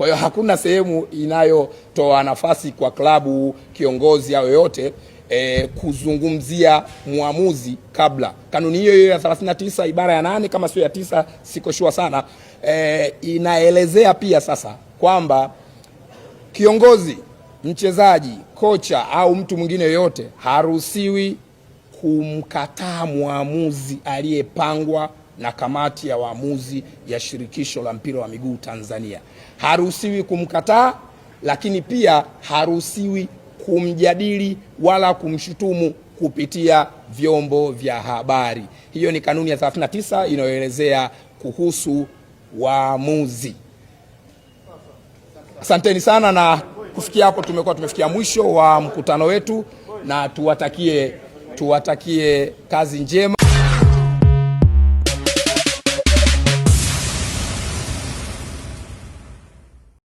Kwa hiyo hakuna sehemu inayotoa nafasi kwa klabu, kiongozi au yoyote E, kuzungumzia mwamuzi kabla. Kanuni hiyo hiyo ya 39 ibara ya nane kama sio ya tisa, siko shua sana e, inaelezea pia sasa kwamba kiongozi, mchezaji, kocha au mtu mwingine yoyote haruhusiwi kumkataa mwamuzi aliyepangwa na kamati ya waamuzi ya shirikisho la mpira wa miguu Tanzania. Haruhusiwi kumkataa, lakini pia haruhusiwi kumjadili wala kumshutumu kupitia vyombo vya habari. Hiyo ni kanuni ya 39 inayoelezea kuhusu waamuzi. Asanteni sana, na kufikia hapo tumekuwa tumefikia mwisho wa mkutano wetu, na tuwatakie tuwatakie kazi njema.